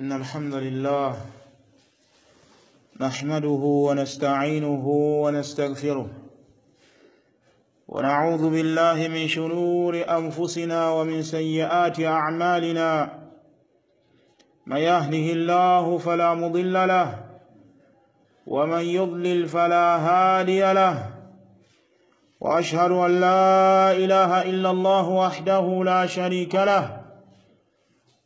إن الحمد لله نحمده ونستعينه ونستغفره ونعوذ بالله من شرور أنفسنا ومن سيئات أعمالنا ما يهده الله فلا مضل له ومن يضلل فلا هادي له وأشهد أن لا إله إلا الله وحده لا شريك له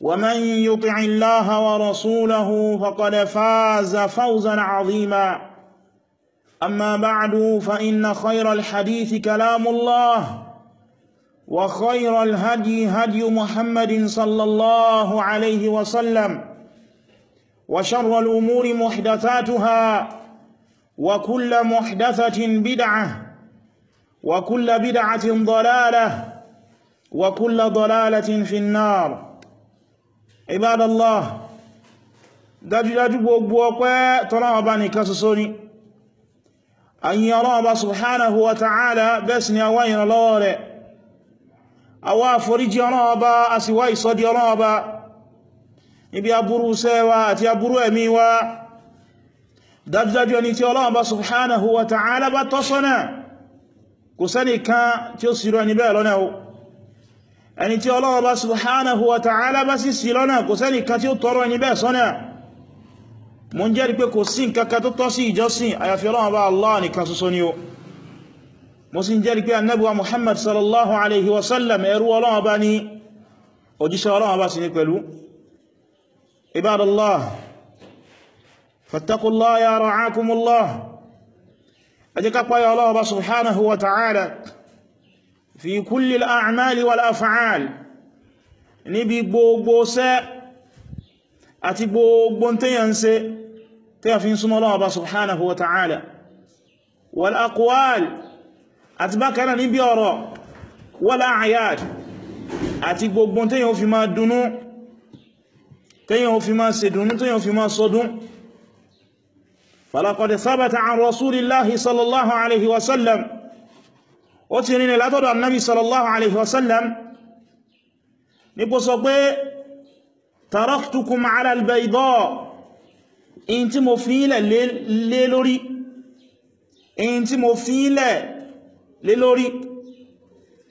ومن يطع الله ورسوله فقد فاز فوزا عظيما أما بعد فإن خير الحديث كلام الله وخير الهدي هدي محمد صلى الله عليه وسلم وشر الأمور محدثاتها وكل محدثة بدعة وكل بدعة ضلالة وكل ضلالة في النار Ibadallah dájúdájú gbogbo ọpẹ́ tọ́lọ́wọ́ bá nìkan ṣoṣo ni ayin Ọlọ́run bá subhanahu wa ta'ala bẹ́ẹ̀sì ni àwọn ìrànlọ́wọ́ rẹ̀ àwa àforíjì Ọlọ́run bá a sì wá ìsọ́dí Ọlọ́run bá níbi aburú sẹ́wà àti aburú ẹ̀mí wa dájúdájú ẹni tí Ọlọ́run ẹni tí Ọlọ́run bá subhanahu wa ta'ala bá sì sí lọ́nà kò sẹ́ni kan tí ó tọrọ ẹni bẹ́ẹ̀ sọ́nà mo ń jẹ́rìí pé kò sí nǹkankan tó tọ́ sí ìjọsìn àyàfi Ọlọ́run bá Allah nìkan ṣoṣo ni ó mo sì ń jẹ́rìí pé annabuwa Muhammad sallallahu alaihi wasallam ẹrú ta'ala fi kulli al-a'mali wal-af'al níbi gbogbo sẹ́ àti gbogbo tẹ́yà ń ṣe tẹ́yà fi ń súnmọ́ Ọlọ́run Ọba subhanahu wa ta'ala wal-aqwal àti bákanáà níbi ọ̀rọ̀ wal-a'yad àti gbogbo tẹ́yà ó fi máa dunú tẹ́yà ó fi máa ṣèdunú tẹ́yà ó fi máa sọdún falaqad thabata an rasulillahi sallallahu alaihi ó ti rí ní látọ́dọ̀ annabi sallallahu alaihi wasallam ní kó sọ pé taraktukum ala albayda in tí mo fi ilẹ̀ lé lórí in tí mo fi ilẹ̀ lé lórí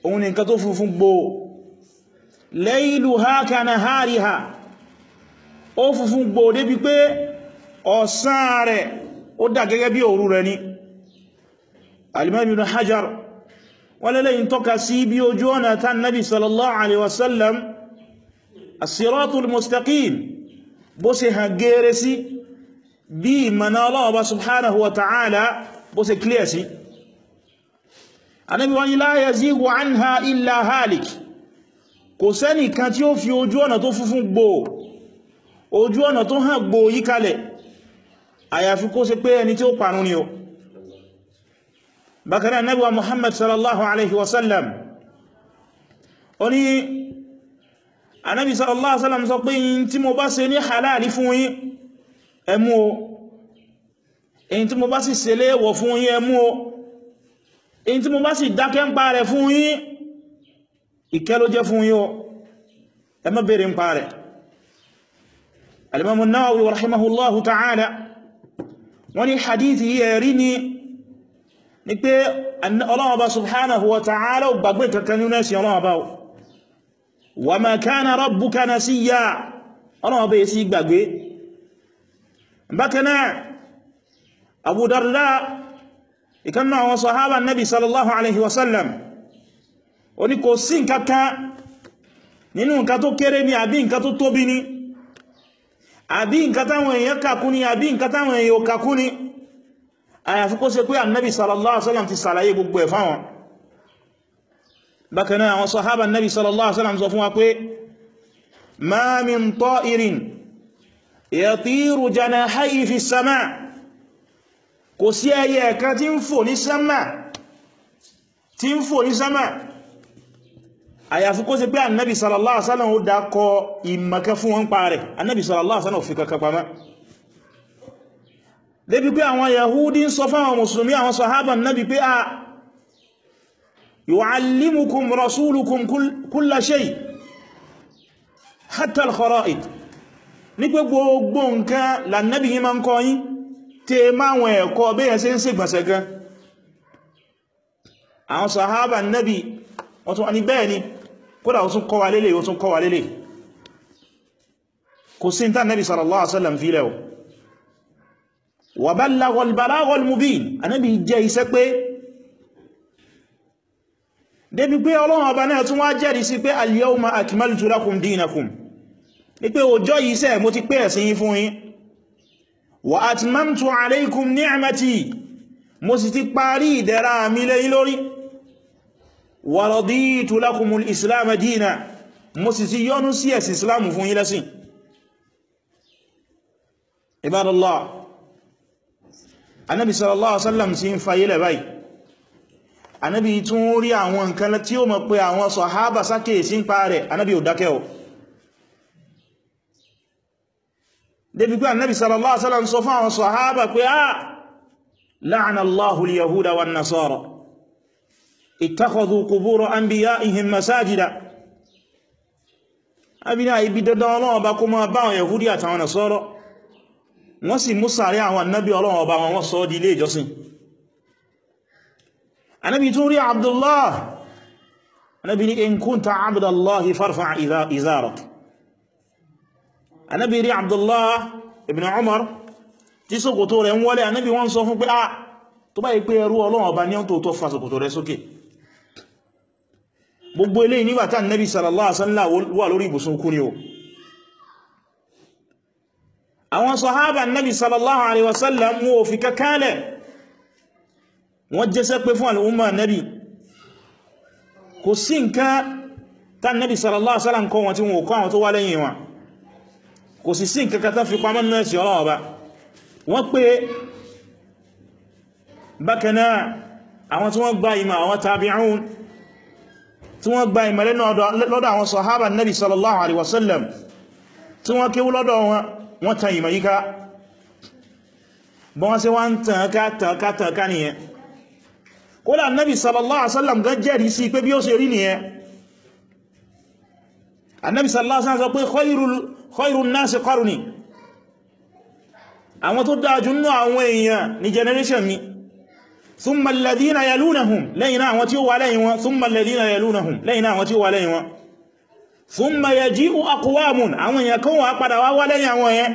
òun ni nǹkan tó funfun gbò layluha ka nahariha ó funfun gbò débi pé ọ̀sán rẹ̀ ó dà gẹ́gẹ́ bí òru rẹ̀ ni al-imam wọ́n lẹ́lẹ́yìn tọ́ka sí bí ojú ọ̀nà tán nabi sallallahu alaihi wasallam asiratul mustaqim bó ṣe hàn gẹ́rẹ́ sí bí ìmọ̀nà Ọlọ́hun Ọba subhanahu wa ta'ala bó ṣe clear sí anábi wọ́n la yazigu anha illa halik kò sẹ́nì kan tí ó fi ojú ọ̀nà tó funfun gbò ojú ọ̀nà tó hàn gbò yíkalẹ̀ àyàfi kó ṣe pé ẹni tí ó parun ni o bákan náà nabi wa muhammad sallallahu alaihi wasallam ó ní anábi sallallahu alaihi wasallam sọ pé yìí tí mo bá ṣe ní halali fún yín ẹ mú o èyí tí mo bá sì ṣe léèwọ̀ fún yín ẹ o èyí tí mo bá sì dákẹ́ ń pa rẹ̀ fún yín ìkẹ́ ló jẹ́ fún yín o ẹ bèèrè ń pa rẹ̀ al-imam wọ́n ní hadithi yẹ̀ rí ni ni pé Ọlọ́run Ọba subhanahu wa ta'ala ò gbàgbé kankan nínú ẹ̀sìn Ọlọ́run Ọba wa ma kana rabbuka nasiya Ọlọ́run Ọba yìí sí gbàgbé bákanáà Abu Darda ìkanná àwọn sahaba nabi sallallahu alaihi wasallam ó ní kò sí nǹkankan nínú nǹkan tó kéré ní àbí nǹkan tó tóbi ní àbí nǹkan èèyàn kàkú ní àbí nǹkan èèyàn kàkú ní àyàfi kó ṣe pé annabi sallallahu alaihi wasallam ti sàlàyé gbogbo ẹ̀ fáwọn bákan náà àwọn sahaba annabi sallallahu alaihi wasallam sọ fún wa pé ma min ta'irin yatiru janahayi fi sama kò sí ẹyẹ kan tí ń fò ní sama tí ń fò ní sama àyàfi kó ṣe pé annabi sallallahu alaihi wasallam ó dákọ ìmọ̀kẹ́ fún wọn pààrẹ̀ annabi sallallahu alaihi wasallam fi kankan pamọ́ débi pé àwọn yahudi ń sọ fáwọn musulmi àwọn sahaban nábi pé a ah, yu'allimukum rasulukum kulla shay hatta al-khara'id ní pé gbogbo nǹkan lànàbí yí ma ń kọ́ yí tí máwọn ẹ̀kọ́ bẹ́yẹ̀ sí ń sì gbàsẹ̀ gan àwọn sahaba nábi wọ́n tún wá bẹ́ẹ̀ ni kódà ó tún kọ́ wa lélẹ̀ ó tún kọ́ wa lélẹ̀ kò sí ní tán nábi sallallahu alaihi wasallam fi lẹ́wọ̀ wa ballagha al-balagha al-mubin anábi jẹ́ iṣẹ́ pé débi pé ọlọ́run ọba náà tún wá jẹ́rìí sí pé al-yawma akmaltu lakum dinakum ní pé ọjọ́ yìí sẹ́ mo ti pé ẹ̀sìn yín fún yín wa atmamtu alaykum ni'mati mo sì ti parí ìdẹ̀ra mi lẹ́yìn lórí wa raditu ibadallah anábi sallallahu alaihi wasallam sí ń fayé lẹ́bàáyì anábi tún rí àwọn nǹkan tí ó mọ̀ pé àwọn sọ̀hábà sáké sí ń pa rẹ̀ anábi ò dákẹ́ o débi pé anábi sallallahu alaihi wasallam sọ fún àwọn sọ̀hábà pé a ah, la'ana Allahu al-yahuda wa an-nasara ittakhadhu qubur anbiya'ihim masajida abina ibi dandan Ọlọ́run ba kó máa bá àwọn yahudi àtàwọn nasọ́rọ̀ wọ́n sì mú sàárẹ́ àwọn annabi ọlọ́run ọba wọn wọ́n sọ di ilé ìjọsìn annabi tún rí abdullah annabi ní in kunta abdullahi farfa izarak annabi rí abdullah ibn umar tí ṣòkòtò rẹ̀ ń wọlé annabi wọ́n sọ fún pé ah tó bá ipé ẹrú ọlọ́run ọba ní ọ́n tó fa ṣòkòtò rẹ̀ sókè gbogbo eléyìí àwọn sọ̀hábà nábi sallallahu alaihi wasallam mú òfin kankanlẹ̀ wọ́n jẹ́sẹ́ pé fún al'umma nábi kò sí nǹkan tán nábi sallallahu alaihi wasallam kọ́ wọn tí wọ́n kọ́ àwọn tó wá lẹ́yìn wọn kò sì sí nǹkan tán fi pamọ́ náà sí ọlọ́wọ́ ba wọ́n pé bákanáà àwọn tí wọ́n gba ìmọ̀ lọ́dọ̀ àwọn sọ̀hábà nábi sallallahu alaihi wasallam tí wọ́n kéwú lọ́dọ̀ wọn wọ́n tan ìmọ̀ yíká bọ́n sí wọ́n tànká tànká tànká nìyẹn kódà annabi sallallahu alaihi wasallam gan jẹ́rìí sí pé bí ó ṣe rí nìyẹn annabi sallallahu alaihi wasallam sọ pé khairul khairun nasi qarni àwọn tó dájú nínú àwọn èèyàn ní generation mi thumma alladhina thumma yaji'u aqwamun àwọn èèyàn kan wà padà wá wá lẹ́yìn àwọn yẹn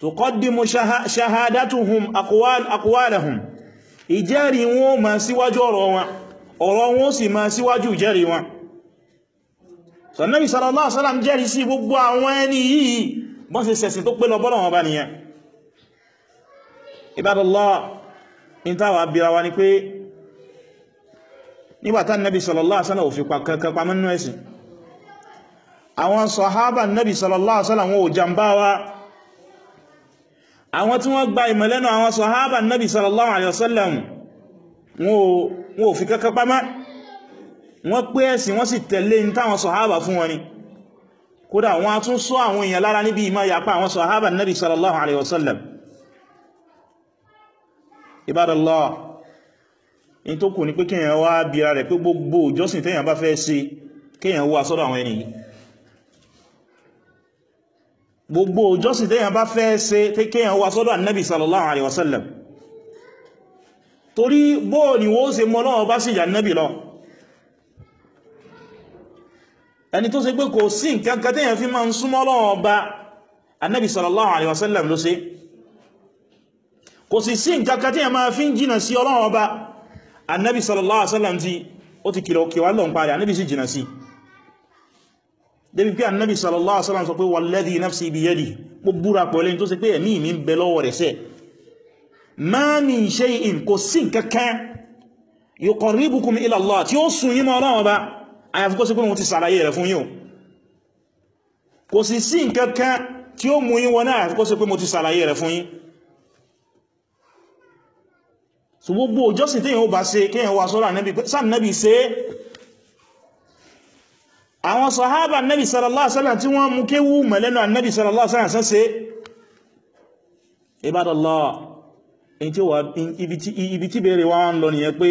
tuqaddimu shahadatuhum aqwal aqwalahum ìjẹ́rì wọn ma síwájú ọ̀rọ̀ wọn ọ̀rọ̀ wọn sì ma síwájú ìjẹ́rì wọn sọ̀nàbí sallallahu alaihi wasallam jẹ́rì sí nígbàtá nabi sallallahu alaihi wasallam òfin kankan pamọ́ nínú ẹ̀sìn àwọn sọ̀hábà nabi sallallahu alaihi wasallam wọn ò jàmbá wa àwọn tí wọ́n gba ìmọ̀lẹ́nu àwọn sọ̀hábà nabi sallallahu alaihi wasallam wọn ò fi kankan pamọ́ wọ́n pé ẹ̀sìn wọ́n sì tẹ̀lé ní táwọn sọ̀hábà fún wọn ni kódà wọ́n a tún sọ àwọn èèyàn lára níbi ìmọ̀ yapa àwọn sọ̀hábà nabi sallallahu alaihi ibadallah in tó kù ní pé kíyàn wá bíra rẹ̀ pé gbogbo ìjọsìn tẹ́yàn bá fẹ́ ṣe kíyàn wá sọ́dọ̀ àwọn ẹni gbogbo ìjọsìn tẹ́yàn bá fẹ́ ṣe tẹ́ kíyàn wá sọ́dọ̀ annabi sallallahu alaihi wasallam torí bóò ni wó ṣe mọ́ náà bá sì yà annabi lọ ẹni tó ṣe pé kò sallallahu alaihi wasallam ló ṣe kò sì sí nǹkan kan fi ń jìnà sí Ọlọ́run Ọba annabi sallallahu alaihi wasallam ti ó ti kìlọ̀ kí wá lọ ń parí annabi sì jìnà sí débi pé annabi sallallahu alaihi wasallam sọ pé walladhi nafsi biyadi pó búra pẹ̀lú ẹni tó ṣe pé ẹ̀mí mi ń bẹ lọ́wọ́ rẹ̀ sẹ́ ma min shay'in kò sí kankan yuqarribukum ila Allah tí ó sún yín mọ́ Ọlọ́run sí pé tí ó mú yín náà àyàfi pé mo ti sàlàyé rẹ̀ fún yín so gbogbo òjọ́sìn tí yíò bá ṣe kí yíò wà sọ́rọ̀ sáànàbì ṣe àwọn sàhábà nàbì sallallahu alaihi wasallam tí wọ́n mú kéwú mẹ́lẹ́nu ànàbì sallallahu alaihi wasallam ṣe Ibadallah ibi tí bèèrè wá ń lọ nìyẹn pé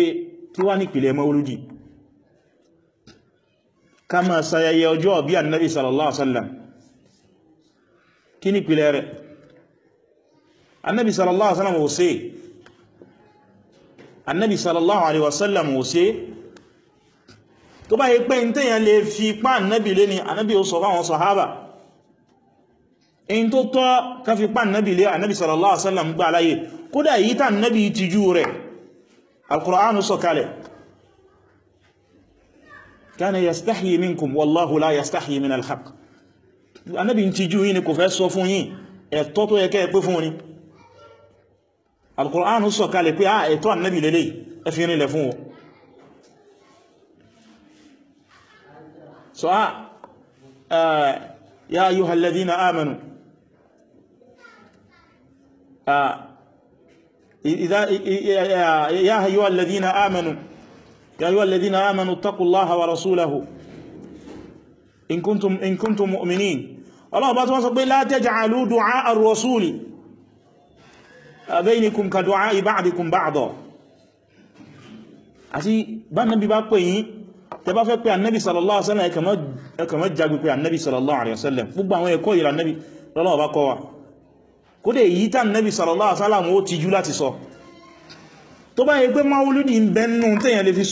kí wá nípìlẹ̀ Mawludi ká máa sayẹyẹ ọjọ́ sallallahu alaihi wasallam kí nípìlẹ̀ sallallahu alaihi wasallam annabi sallallahu alaihi wasallam ò ṣe tó bá yẹ pé in tẹ́yàn lè fi pa annabi lé ni annabi ó sọ fáwọn sahaba in tó tọ́ ká fi pa annabi lé annabi sallallahu alaihi wasallam gbà láyé kódà yí tá annabi ti jú rẹ̀ alkùránù sọ kalẹ̀ kana yastahi minkum wallahu la yastahi min alhaq annabi ti jú yí ni kò fẹ́ sọ fún yín ẹ̀tọ́ tó yẹ kẹ́ pé fún ni alkùránù sọ kalẹ̀ pé ah ẹ̀tọ́ annabi lélẹ̀ ẹfin rinlẹ̀ fún wọn so ah eh, ya ayyuhal ladhina ah, amanu ya ayyuhal ladhina amanu ya ayyuhal ladhina amanu taqullaha wa rasulahu in kuntum mu'minin Allah bá tún sọ pé la taj'alu du'a ar-rasuli baynikum ka du'a'i ba'dikum ba'da àti bá nàbí bá pè yín tẹ bá fẹ́ pé annabi sallallahu alaihi wasallam ẹkàmọ́ jagun pé annabi sallallahu alaihi wasallam gbogbo àwọn ẹ̀kọ́ ìrà annabi lọ́lọ́wọ́ bá kọ́ wa kó dẹ̀ yí tán annabi sallallahu alaihi wasallam ó tijú láti sọ tó bá yẹ pé máwúlúdì ń bẹ nínú tẹ́yàn lè fi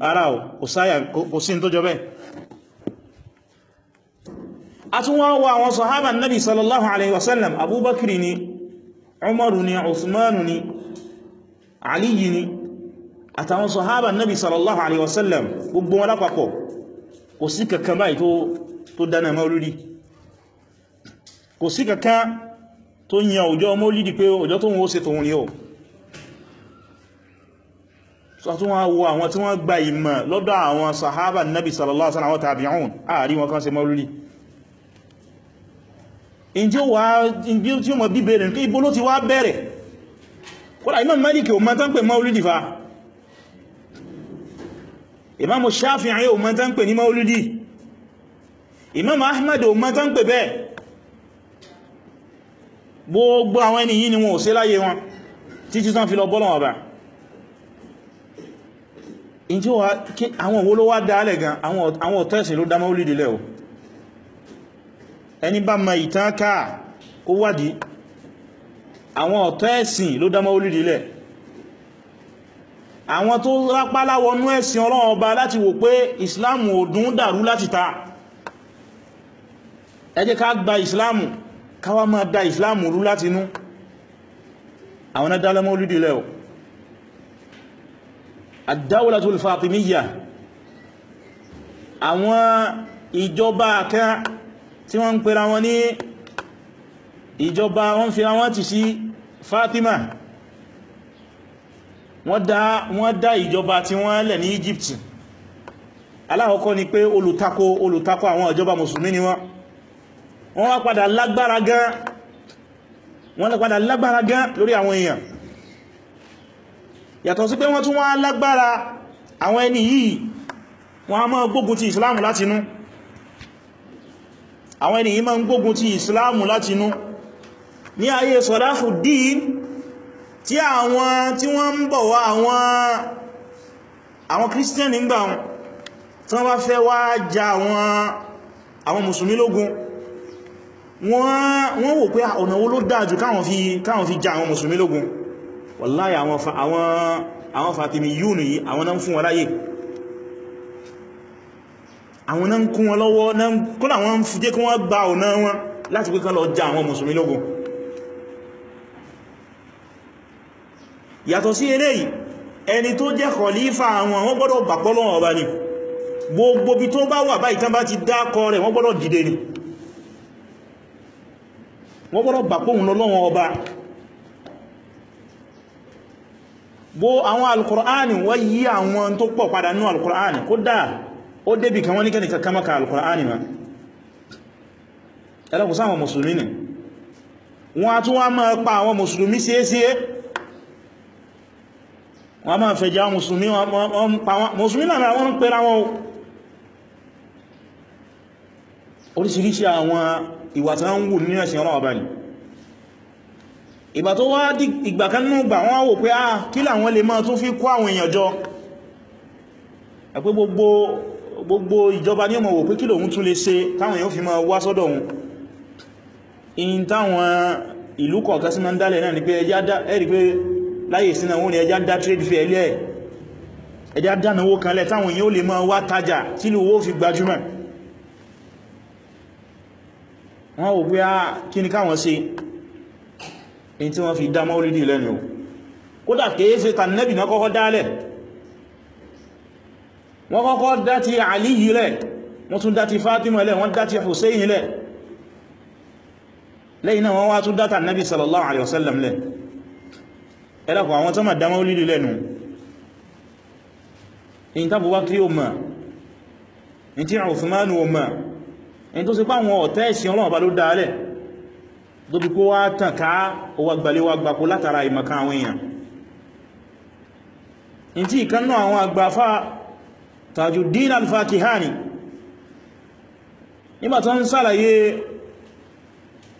ara ò kò sí tó jọ bẹ́ẹ̀ a tún wá wá àwọn sọ̀hábà nabi sallallahu alaihi wasallam abubakir ni umaru ni usmanu ni aliyu ni àtàwọn sọ̀hábà nabi sallallahu alaihi wasallam gbogbo wọn lápapọ̀ kò sí kankan báyìí tó dánà maulidi kò sí kankan tó yàn ọjọ́ maulidi pé ọjọ́ tó wọ́n ó ṣe tòun ni ó so tún wá wo àwọn tí wọ́n gba ìmọ̀ lọ́dọ̀ àwọn sahaba nabi sallallahu alaihi wasallam àwọn tabi'un ààrí wọn kan ṣe maulidi in tí ó mọ̀ bí bẹ̀rẹ̀ ní ibo ló ti wá bẹ̀rẹ̀ kọ́lá Imam Malik o mọ́ tán pè maulidi fa Imam o mọ́ tán pè ní maulidi Imam Ahmad o mọ́ tán pè bẹ́ẹ̀ gbogbo àwọn ẹni yìí ni wọn ò sí láyé wọn títí tán fi lọ bọ́lọ̀ ọba in tí àwọn òwó ló wá dáálẹ̀ gan àwọn ọ̀tẹ́sìn ló dá maulidi lẹ́wọ̀ ẹni bá ma ìtàn ká kó wádìí àwọn ọ̀tọ́ ẹ̀sìn ló dá Maulidi ilẹ̀ àwọn tó rápálá wọnú ẹ̀sìn Ọlọ́run ọba láti wò pé Islam ò dún dàrú láti ta ẹ jẹ́ ká gba Islam káwá máa da Islam rú láti inú àwọn adálẹ́ Maulidi ilẹ̀ o ad-dawlatul Fatimiyya àwọn ìjọba kan tí wọ́n ń pera wọn ní ìjọba wọ́n fi ra wọ́n ti sí Fatima wọ́n dá ìjọba tí wọ́n lẹ̀ ní Egypt alákọ̀ọ́kọ́ ni pé olùtakò olùtakò àwọn ìjọba mùsùlùmí ni wọ́n wọ́n wá padà lágbára gan wọ́n lè padà lágbára gan lórí àwọn èèyàn yàtọ̀ sí pé wọ́n tún wá lágbára àwọn ẹni yìí wọ́n á máa gbógun ti Islam látinú àwọn ẹni yìí máa ń gbógun ti ìsìláàmù láti inú ní ayé Salahuddin tí àwọn tí wọ́n ń bọ̀ wá àwọn kírísítẹ́nì ń gbà wọn tí wọ́n bá fẹ́ wá ja àwọn mùsùlùmí lógun wọ́n wò pé ah, ọ̀nà wo ló dájú káwọn fi ja àwọn mùsùlùmí lógun wàláyà àwọn Fatimiyun yìí àwọn náà fún wọn láyé àwọn náà ń kún wọn lọ́wọ́ kọ́nà àwọn ń fújé kí wọ́n gba ọ̀nà wọn láti pé kán lọ já àwọn mùsùlùmí lógun yàtọ̀ sí eléyìí ẹni tó jẹ́ kọ̀lífà àwọn àwọn gbọ́dọ̀ bàpọ̀ lọ́wọ́ ọba ni gbogbo bí tó bá wà báyìí tán bá ti dákọ rẹ̀ wọ́n gbọ́dọ̀ dìde ni wọ́n gbọ́dọ̀ bàpọ̀ òun lọ́wọ́ ọba gbogbo àwọn alkùránì wọ́n yí àwọn tó pọ̀ padà nínú alkùránì kódà ó débì kan wọ́n ní kẹ́nìkan kamaka alkùnrin ma ẹlọ́pù sáwọn musulmi nì wọ́n a tún wá máa pa àwọn musulmi síẹ́síẹ́ wọ́n máa fẹ̀já musulmi wọ́n pa wọ́n musulmi náà wọ́n ń pẹ́ra wọn oríṣiríṣi àwọn ìwà tí wọ́n ń wù ní ẹ̀sìn ọlọ́wọ́ bá ní ìgbà tó wá ìgbà kan nú gbà wọ́n wò pé ah kí làwọn lè máa tún fi kó àwọn èèyàn jọ ẹ̀pẹ́ gbogbo gbogbo ìjọba ní ọmọ wò pé kí lòun tún lè ṣe táwọn èèyàn fi máa wá sọ́dọ̀ òun in táwọn ìlú kọ̀ọ̀kan sí máa ń dálẹ̀ náà ni pé ẹ̀rí pé láyé sínú òun ni ẹjá dá trade fair lẹ́ ẹjá dánawó kan lẹ̀ táwọn èèyàn ó lè máa wá tajà tí lè owó fi gbajúmọ̀ wọ́n wò pé á ah, kí ni káwọn ṣe in tí wọ́n fi dá mọ́ orílẹ̀ lẹ́nu kódà kéèfé tàn nẹ́bì náà kọ́kọ́ dálẹ̀ wọ́n kọ́kọ́ dáti Ali yìí lẹ̀ wọ́n tún dáti Fatima lẹ̀ wọ́n dáti Hussein lẹ̀ lẹ́yìn náà wọ́n wá tún dáta nabi sallallahu alaihi wasallam lẹ̀ ẹlẹ́kọ̀ọ́ àwọn tó ma dá maulidi lẹ́nu in tàbí wákí o ma in tí Uthmanu o ma in tó sì pá àwọn ọ̀tẹ́ ìsìn ọlọ́ọ̀bá ló dáálẹ̀ tó bí kó wá tajuddin al-fakihani nígbà tó ń sàlàyé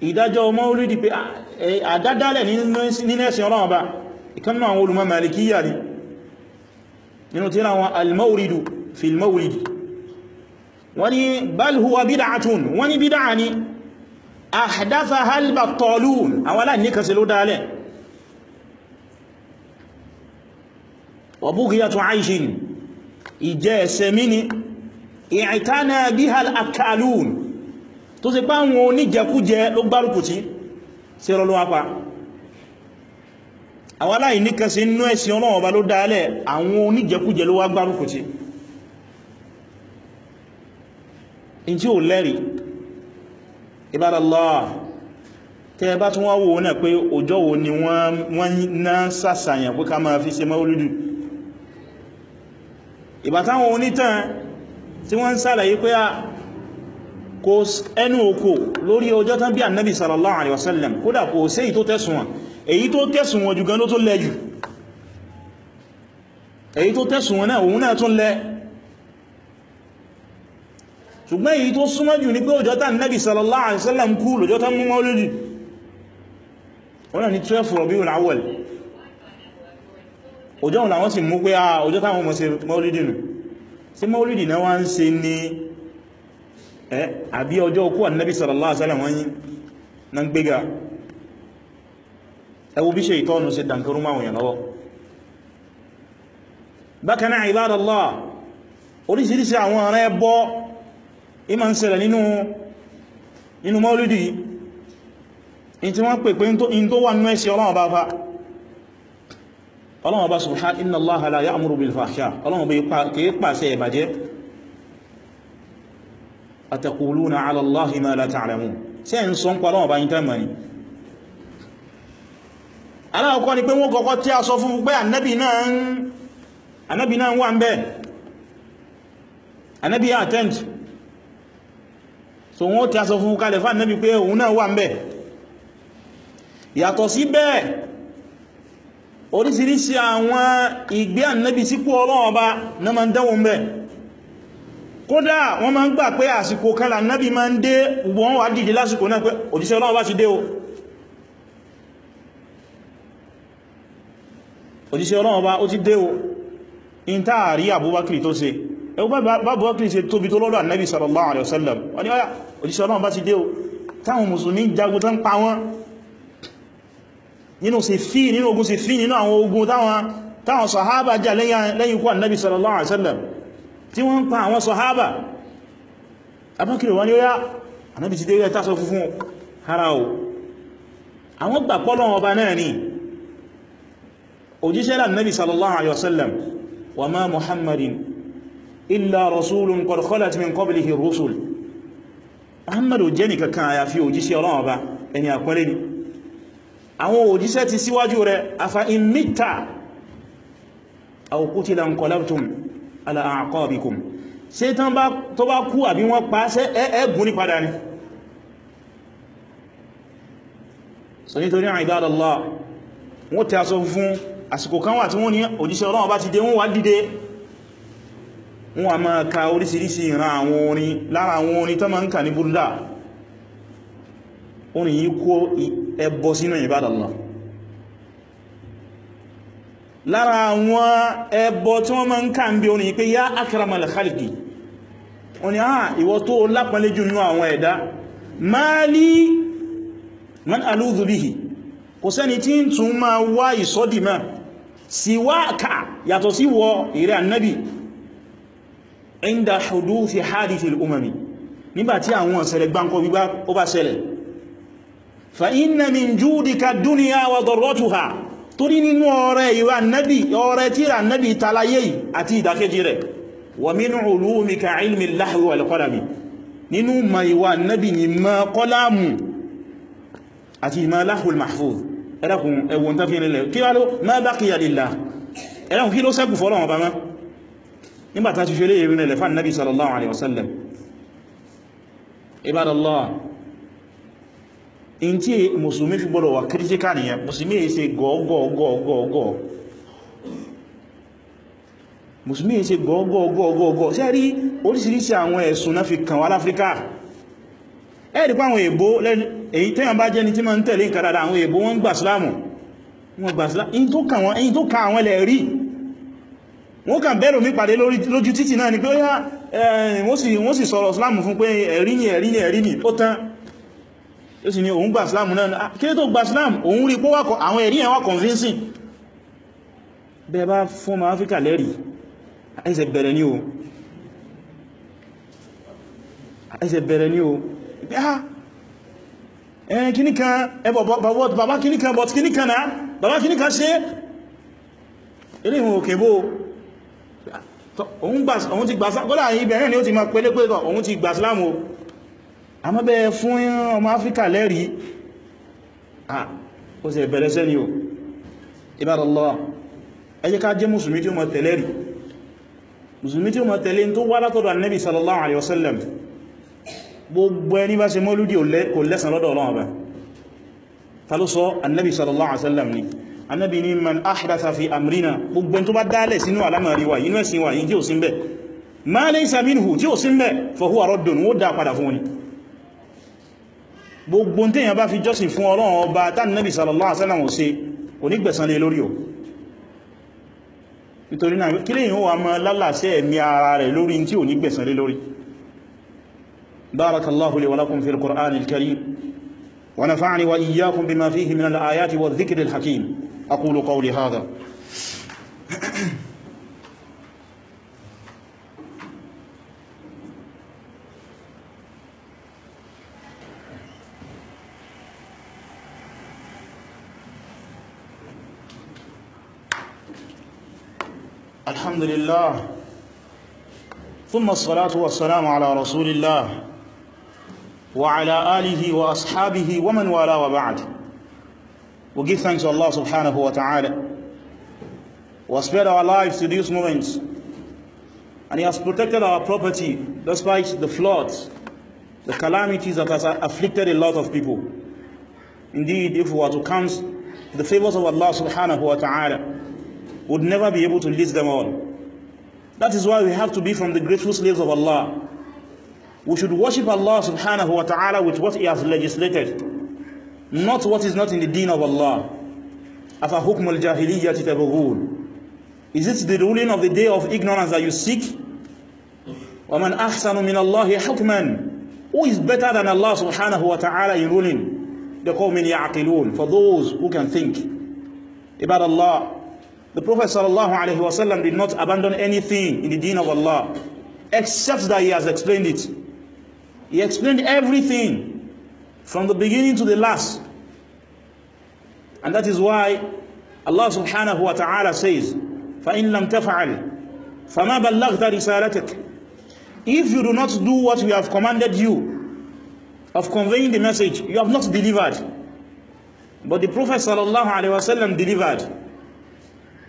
ìdájọ́ maulidi pé ah, àdádálẹ̀ nínú ẹ̀sìn ọlọ́run ọba ìkannú àwọn olùmọ̀ malikiyya ni nínú tí ra wọn al-maulidu fil maulidi wọ́n ni bal huwa bid'atun wọ́n ni bídá ni ahdathaha al-battalun àwọn aláìníkan sí wa bughiyatu aishin ìjẹ́ ẹ̀ṣẹ̀ mí ni ìrìtánà bí hal akalun tó sì páwọn oníjẹkújẹ ló gbárùkù tí sí rọlọ́ apá àwọn aláìníkẹsí inú ẹ̀sìn ọlọ́run ọba ló dálẹ̀ àwọn oníjẹkújẹ ló wá gbárùkù tí in tí ò lẹ́rìí ibadallah tẹ́ ni wọ́n ná sàṣàyàn pé ká máa ìbátáwọn onítàn tí wọ́n ń sàlàyé pé a kò ẹnu òkò lórí ọjọ́ tán bí annabi sallallahu alaihi wasallam kódà kò sí èyí tó tẹ̀sùn wọn èyí tó tẹ̀sùn wọn jù gan ló tó lẹ jù èyí tó tẹ̀sùn wọn náà òun náà tún lẹ ṣùgbọ́n èyí tó súnmọ́ jù ní pé ọjọ́ tán annabi sallallahu alaihi wasallam kú lọ́jọ́ tán mú mọ́ lójú wọ́n náà ni 12 Rabiul Awwal ọjọ́ òun làwọn sì mú pé a ah, ọjọ́ táwọn ọmọ ṣe mọ́lídì nù sí mọ́lídì náà wá ń ṣe ní ẹ́ àbí ọjọ́ okú ànábì sallallahu alaihi wasallam na ń gbéga ẹwú bí ṣe ìtọ́nù sí dankarú máwọn èèyàn lọ́wọ́ bákan náà ibadallah oríṣiríṣi àwọn ará ẹbọ ìmọ̀ ń ṣẹlẹ̀ nínú nínú mọ́lídì in tí wọ́n pè pé in tó wà nínú ẹ̀ṣẹ̀ ọlọ́run ọlọ́run ọba subhanahu inna Allaha la ya'muru bil fahsha ọlọ́run ọba kìí pàṣẹ ìbàjẹ́ ataquluna 'ala Allahi ma la ta'lamun sí ẹ̀ ń sọ ń pa ọlọ́run ọba yí tẹ́mà ni aláàkọ́ ni pé wọ́n kọ́kọ́ tí a sọ fún pé ànábì náà wà ń bẹ́ ànábì attend so wọ́n tí a sọ fún kalẹ̀ fún ànábì pé òun náà wà bẹ́ yàtọ̀ sí bẹ́ẹ̀ oríṣiríṣi àwọn ìgbé ànábì sípò ọlọ́run ọba na ma ń dánwò mẹ́ kódà wọ́n ma ń gbà pé àsìkò kan lànábì ma ń dé wọ́n wà dìde lásìkò náà pé òjíṣẹ́ ọlọ́run bá ti dé o òjíṣẹ́ ọlọ́run ọba ó ti dé o in táàrí Abubakar tó ṣe ẹgbẹ́ tó lọ́dọ̀ sallallahu alaihi wasallam wọ́n ni òjíṣẹ́ ọlọ́run bá ti dé o nínú ṣe fi nínú ogun ṣe fi nínú àwọn ogun táwọn sahaba jà lẹ́yìn ikú annabi sallallahu alaihi wasallam tí wọ́n ń pa àwọn sahaba abúkiri wọ́n ni ó yá annabi ti dé tásọ fúnfún ara o àwọn gbà pé Ọlọ́run ọba náà ni òjíṣẹ́ annabi sallallahu alaihi wasallam wa ma muhammadin illa rasulun qad khalat ni àwọn òjíṣẹ́ ti síwájú rẹ̀ afa in mita aw qutila nqalabtum ala a'qabikum ṣe tó bá kú àbí wọ́n pa ṣe ẹgbùn ní padà ni so nítorí ibadallah wọ́n tẹ́ aṣọ fún àsìkò kan wà tí wọ́n ní òjíṣẹ́ Ọlọ́run bá ti dé wọ́n wá dìde wọ́n a máa ka orísìírísìí ìran àwọn orin lára àwọn orin tó máa ń kà ní búrúdà orin yìí kó ẹbọ sínú ìbádàlọ́ lára àwọn ẹbọ tí wọ́n máa ń ká ń bí orin pé yá akramal khalqi wọ́n ni a ah, ìwọ tó lápàlẹ́ jù nínú àwọn ẹ̀dá máàlì man alúdhu bihi kò sẹ́ni tí ń tún máa wá ìsọ́dìmá síwáàkà yàtọ̀ sí wọ ìrẹ́ annabi inda huduthi hadithi al-umami nígbàtí àwọn ọ̀sẹ̀lẹ̀ gbáǹkọ́ gbígbá ó bá ṣẹlẹ̀ fa inna min júdíka dúníyà wa dọ̀rọ̀tùhà torí nínú ọ̀rẹ́ ìwà nábi ọ̀rẹ́ tíra nábi talaye àti ìdákejì rẹ̀ wa min ulúmika ilmi lahwi wal qalami nínú ma ìwà nábi ni ma kọlámù àti ma lahwul mahfuz ẹ̀rẹ́kùn ẹwọ̀n tàbí ilẹ̀ kí wá ló ma baqiya lillah ẹ̀rẹ́kùn kí ló ṣẹ́kù ibadallah in tí mùsùlùmí fi gbọ́dọ̀ wà critical nìyẹn mùsùlùmí èyí ṣe gọ́ọ̀gọ́ọ̀gọ́ọ̀gọ́ mùsùlùmí èyí ṣe gọ́ọ̀gọ́ọ̀gọ́ọ̀gọ́ ṣe rí oríṣiríṣi àwọn ẹ̀sùn náà fi kàn wá láfíríkà ẹ̀rí pa àwọn èbó èyí tẹ́yàn bá jẹ́ ni tí ma ń tẹ̀lé nǹkan dáadáa àwọn èbó wọ́n gbà sílámù wọ́n gbà sílámù in tó kàn wọ́n lẹ̀ rí wọ́n kàn bẹ́rù mí pàdé lójú títì náà ni pé ó yá wọ́n sì sọ̀rọ̀ sílámù fún pé ẹ̀rí ni ẹ̀rí ni ẹ̀rí ni ó tán ó sì ní òun gba islam náà ah, kí ló tó gba islam òun rí pọ́wàkọ̀ àwọn ẹ̀rí ẹ̀wà convincing bẹ́ẹ̀ bá fún ma áfíríkà lẹ́rí àìsẹ̀ bẹ̀rẹ̀ ní o àìsẹ̀ bẹ̀rẹ̀ ní o ah, ẹ̀rìn kìníkan ẹbọ̀ bàbá kìníkan bọ̀t kìníkan náà bàbá kìníkan ṣe eré ìwọ̀n òkè bó òun ti gbà islam àmọ́ bẹ́ẹ̀ fún ọmọ áfíríkà lẹ́rí ah ó sì bẹ̀rẹ̀ sẹ́ni o ibadallah ẹ jẹ́ ká jẹ́ musulmi tí ó mọ̀ tẹ̀lé rí musulmi tí ó mọ̀ tẹ̀lé tó wá látọ̀dọ̀ annabi sallallahu alaihi wasallam gbogbo ẹni bá ṣe mọ́lúdí kò lẹ́sàn lọ́dọ̀ ọlọ́run ọba ta ló sọ annabi sallallahu gbogbo tí èyàn bá fi jọ́sìn fún ọlọ́run ọba tánà Nabi sallallahu alaihi wasallam ṣe kò ní gbẹ̀san lé lórí o nítorí náà kí lè yíò wà mọ́ lálàsẹ́ ẹ̀mí ara rẹ̀ lórí tí ò ní gbẹ̀san lé lórí barakallahu الحمد لله ثم الصلاة والسلام على رسول الله وعلى آله وأصحابه ومن والاه وبعد We give thanks to Allah subhanahu wa ta'ala We spared our lives to these moments and He has protected our property despite the floods the calamities that has afflicted a lot of people indeed if we were to count the favors of Allah subhanahu wa ta'ala would never be able to list them all that is why we have to be from the grateful slaves of Allah. We should worship Allah subhanahu wa ta'ala with what He has legislated, not what is not in the deen of Allah. الْجَاهِلِيَّةِ تَبَغُونَ Is it the ruling of the day of ignorance that you seek? وَمَنْ أَحْسَنُ مِنَ اللَّهِ حُكْمًا Who is better than Allah subhanahu wa ta'ala in ruling? The قوم يعقلون For those who can think about Allah the Prophet ﷺ did not abandon anything in the deen of Allah except that he has explained it. He explained everything from the beginning to the last. And that is why Allah subhanahu wa ta'ala says, فَإِن لَمْ تَفْعَلْ فَمَا بَلَّغْتَ رِسَالَتِكَ If you do not do what we have commanded you of conveying the message, you have not delivered. But the Prophet sallallahu alaihi wasallam delivered.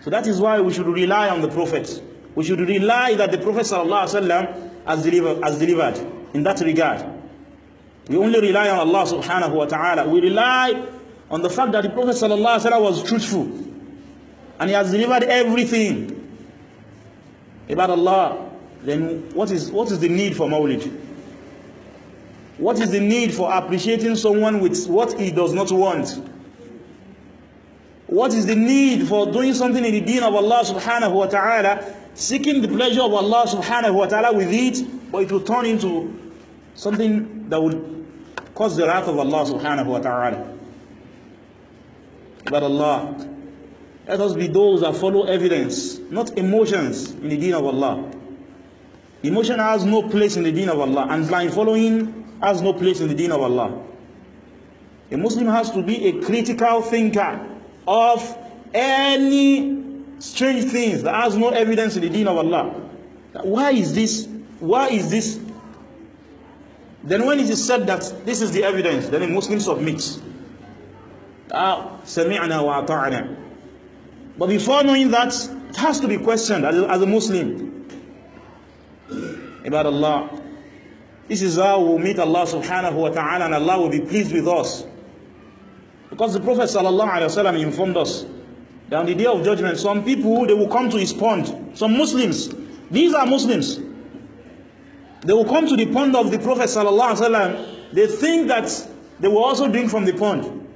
So that is why we should rely on the Prophet. We should rely that the Prophet sallallahu ﷺ has, deliver, has delivered in that regard. We only rely on Allah subhanahu wa ta'ala. We rely on the fact that the Prophet sallallahu ﷺ was truthful and he has delivered everything about Allah. Then what is, what is the need for Mawlid? What is the need for appreciating someone with what he does not want? What is the need for doing something in the deen of Allah subhanahu wa ta'ala, seeking the pleasure of Allah subhanahu wa ta'ala with it, but it will turn into something that will cause the wrath of Allah subhanahu wa ta'ala. But Allah, let us be those that follow evidence, not emotions in the deen of Allah. Emotion has no place in the deen of Allah, and blind following has no place in the deen of Allah. A Muslim has to be a critical thinker of any strange things that has no evidence in the deen of Allah. Why is this? Why is this? Then when it is said that this is the evidence, then a Muslim submits. Ah, sami'na But before knowing that, it has to be questioned as, as a Muslim. About Allah. This is how we meet Allah subhanahu wa ta'ala and Allah will be pleased with us. Because the Prophet ﷺ informed us that on the day of judgment, some people, they will come to his pond. Some Muslims, these are Muslims. They will come to the pond of the Prophet ﷺ. They think that they will also drink from the pond.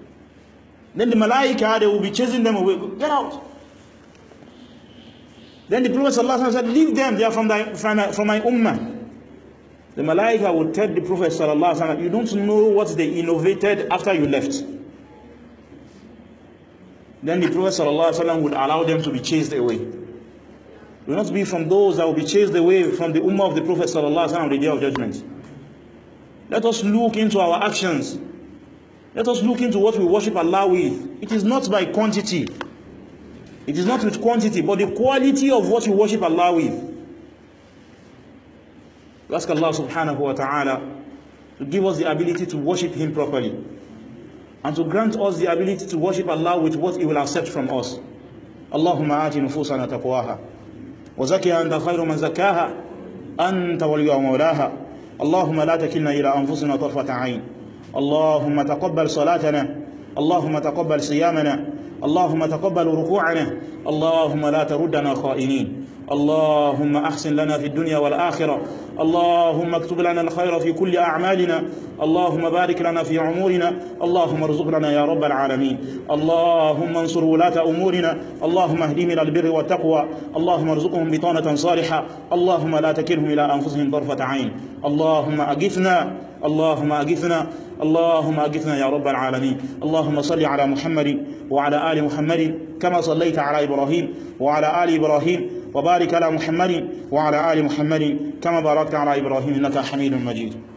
Then the malaika, they will be chasing them away. Get out. Then the Prophet ﷺ said, leave them, they are from, thy, from, my, from my ummah. The malaika will tell the Prophet ﷺ, you don't know what they innovated after you left then the Prophet ﷺ would allow them to be chased away. Will not be from those that will be chased away from the Ummah of the Prophet ﷺ on the Day of Judgment. Let us look into our actions. Let us look into what we worship Allah with. It is not by quantity. It is not with quantity, but the quality of what we worship Allah with. We ask Allah subhanahu wa ta'ala to give us the ability to worship Him properly. and to grant us the ability to worship Allah with what He will accept from us. اللهم آت نفوسنا تقواها وزكها أنت خير من زكاها أنت وليها مولاها اللهم لا تكلنا إلى أنفسنا طرفة عين اللهم تقبل صلاتنا اللهم تقبل صيامنا اللهم تقبل ركوعنا اللهم لا تردنا خائنين اللهم أحسن لنا في الدنيا والآخرة اللهم اكتب لنا الخير في كل أعمالنا اللهم بارك لنا في عمورنا اللهم ارزق لنا يا رب العالمين اللهم انصر ولاة أمورنا اللهم اهدهم إلى البر والتقوى اللهم ارزقهم بطانة صالحة اللهم لا تكلهم إلى أنفسهم طرفة عين اللهم أقفنا اللهم أغثنا اللهم أغثنا يا رب العالمين اللهم صل على محمد وعلى آل محمد كما صليت على إبراهيم وعلى آل إبراهيم وبارك على محمد وعلى آل محمد كما باركت على إبراهيم إنك حميد مجيد